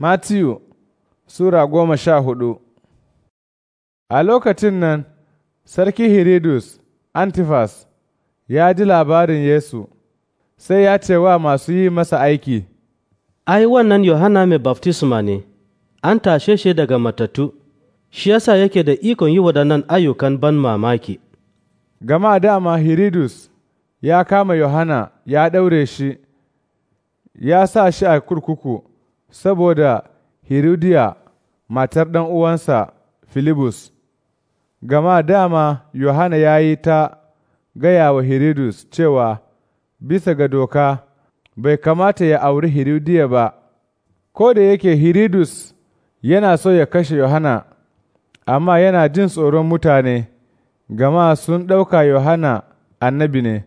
Matiyu Sura goma sha hudu A lokacin nan, Sarki Hiridus Antifas ya ji labarin Yesu, sai ya ce wa masu yi masa aiki, Ai, wannan Yohana mai baftisma ne, an tashe shi daga matattu, shi yasa yake da ikon yi waɗannan ayyukan ban mamaki. Gama dama Hiridus ya kama Yohana ya ɗaure shi, ya sa shi a kurkuku. saboda Hirudiya matar ɗan uwansa Filibus, gama dama Yohana ya yi ta gaya wa Hiridus cewa bisa ga doka bai kamata ya auri Hirudiya ba, ko da yake Hiridus yana so ya kashe Yohana, amma yana jin tsoron mutane, gama sun ɗauka Yohana annabi ne.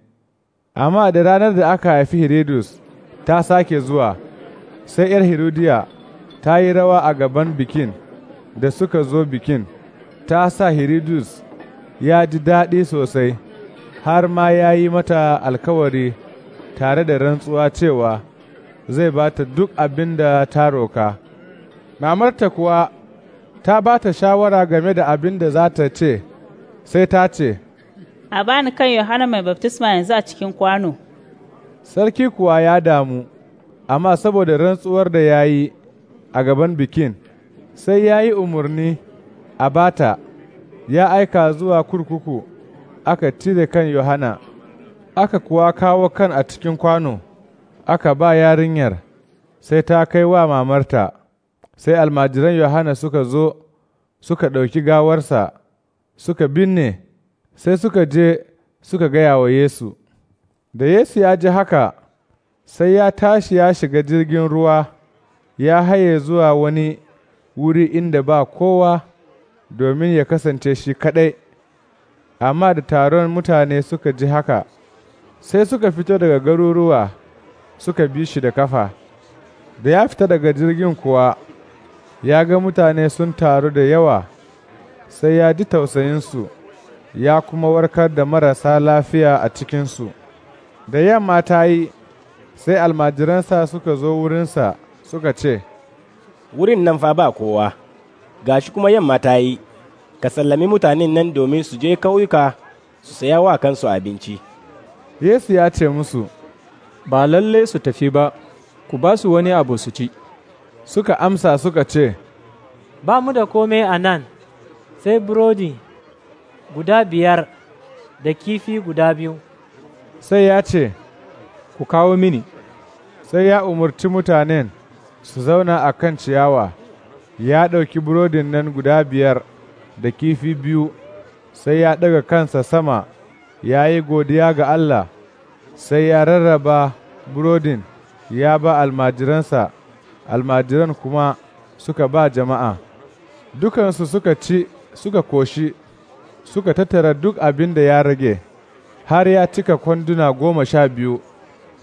Amma da ranar da aka haifi Hiridus ta sake zuwa. sai ‘yar Herodiya ta yi rawa a gaban bikin da suka zo bikin, ta sa Herodus ya ji daɗi sosai, har ma ya yi mata alkawari tare da rantsuwa cewa zai ba ta duk abin da ta roka. Mamarta kuwa ta ba ta shawara game da abin da za ta ce, sai ta ce, A bani kan Yohana mai baftisma yanzu a cikin kwano. Sarki kuwa ya damu. amma saboda rantsuwar da ya yi a gaban bikin, sai ya yi umarni a bata, ya aika zuwa kurkuku aka cire kan Yohana, aka kuwa kawo kan a cikin kwano, aka ba yarinyar, sai ta kai wa mamarta, sai almajiran Yohana suka zo, suka ɗauki gawarsa, suka binne, sai suka je suka gaya wa Yesu. Da Yesu ya ji haka, sai ya tashi ya shiga jirgin ruwa ya haye zuwa wani wuri inda ba kowa domin ya kasance shi kaɗai, amma da taron mutane suka ji haka, sai suka fito daga garuruwa suka bi shi da kafa. Da ya fita daga jirgin kuwa, ya ga mutane sun taru da yawa, sai ya ji tausayinsu, ya kuma warkar da marasa lafiya a cikinsu. Da yamma ta yi, sai almajiransa suka zo wurinsa suka ce, Wurin nan fa ba kowa, gashi kuma yamma ta yi, ka sallami mutanen nan domin su je kauyuka su saya wa kansu abinci. Yesu ya ce musu, Ba lalle su tafi ba, ku ba su wani abu su ci. Suka amsa suka ce, Ba mu da kome a nan, sai burodi guda biyar da kifi guda biyu. Sai ya ce, ku kawo mini, sai ya umarci mutanen su zauna a kan ciyawa, ya ɗauki burodin nan guda biyar da kifi biyu, sai ya ɗaga kansa sama, ya yi godiya ga Allah, sai ya rarraba burodin ya ba almajiransa, almajiran kuma suka ba jama'a. Dukansu suka ci, suka koshi, suka tattara duk abin da ya rage, har ya cika kwanduna goma sha biyu.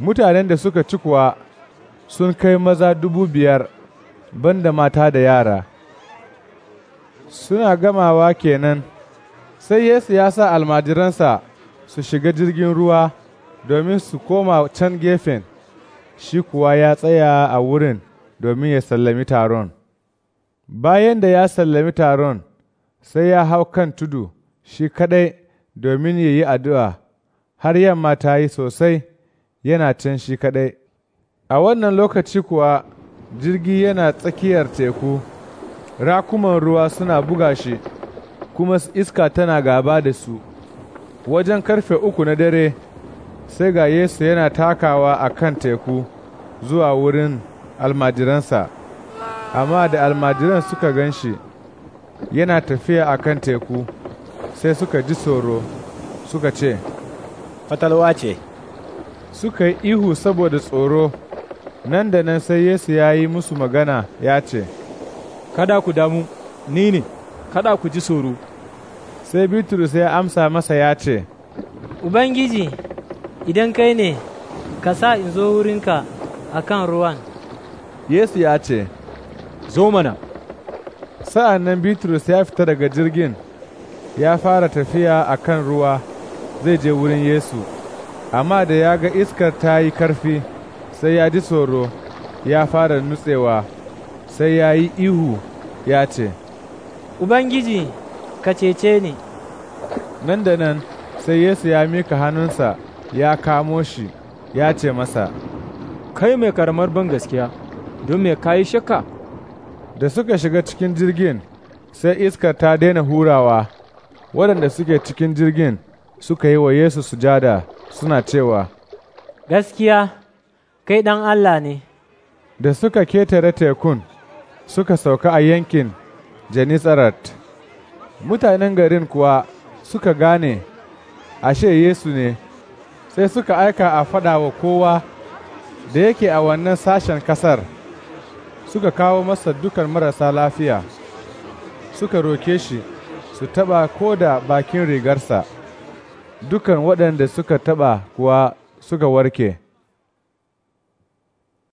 mutanen da suka ci kuwa sun kai maza dubu biyar banda mata da yara suna gamawa kenan sai yesu ya sa almajiransa su shiga jirgin ruwa domin su koma can gefen shi kuwa ya tsaya a wurin domin ya sallami taron bayan da ya sallami taron sai ya hau kan tudu shi kadai domin ya yi addu'a har yamma ta yi sosai yana can shi kaɗai. A wannan lokaci kuwa jirgi yana tsakiyar teku, rakuman ruwa suna buga shi, kuma iska tana gaba da su. Wajen karfe uku na dare, sai ga Yesu yana takawa a kan teku zuwa wurin almajiransa, amma da almajiran suka gan shi yana tafiya a kan teku, sai suka ji tsoro, suka ce, Fatalwa ce. suka yi ihu saboda tsoro, nan da nan sai Yesu ya yi musu magana ya ce, Kada ku damu, ni ne, kada ku ji tsoro. Sai Bitrus ya amsa masa ya ce, Ubangiji, idan kai ne, ka sa in zo wurinka a kan ruwan. Yesu ya ce, Zo mana. Sa'an nan Bitrus ya fita daga jirgin, ya fara tafiya a kan ruwa, zai je wurin Yesu. amma da ya ga iskar ta yi karfi sai ya ji tsoro ya fara nutsewa sai ya yi ihu ya ce ubangiji ka cece ni nan da nan sai yesu ya mika hannunsa ya kamo shi ya ce masa kai mai karamar ban gaskiya don me kayi shakka da suka shiga cikin jirgin sai iskar ta daina hurawa waɗanda suke cikin jirgin suka yi wa yesu sujada suna cewa, Gaskiya, kai ɗan Allah ne. Da suka ketare tekun, suka sauka a yankin Janisarat. Mutanen garin kuwa suka gane, ashe Yesu ne, sai suka aika a faɗa wa kowa da yake a wannan sashen ƙasar, Suka kawo masa dukan marasa lafiya, suka roke shi su taɓa ko da bakin rigarsa. dukan waɗanda suka taɓa kuwa suka warke.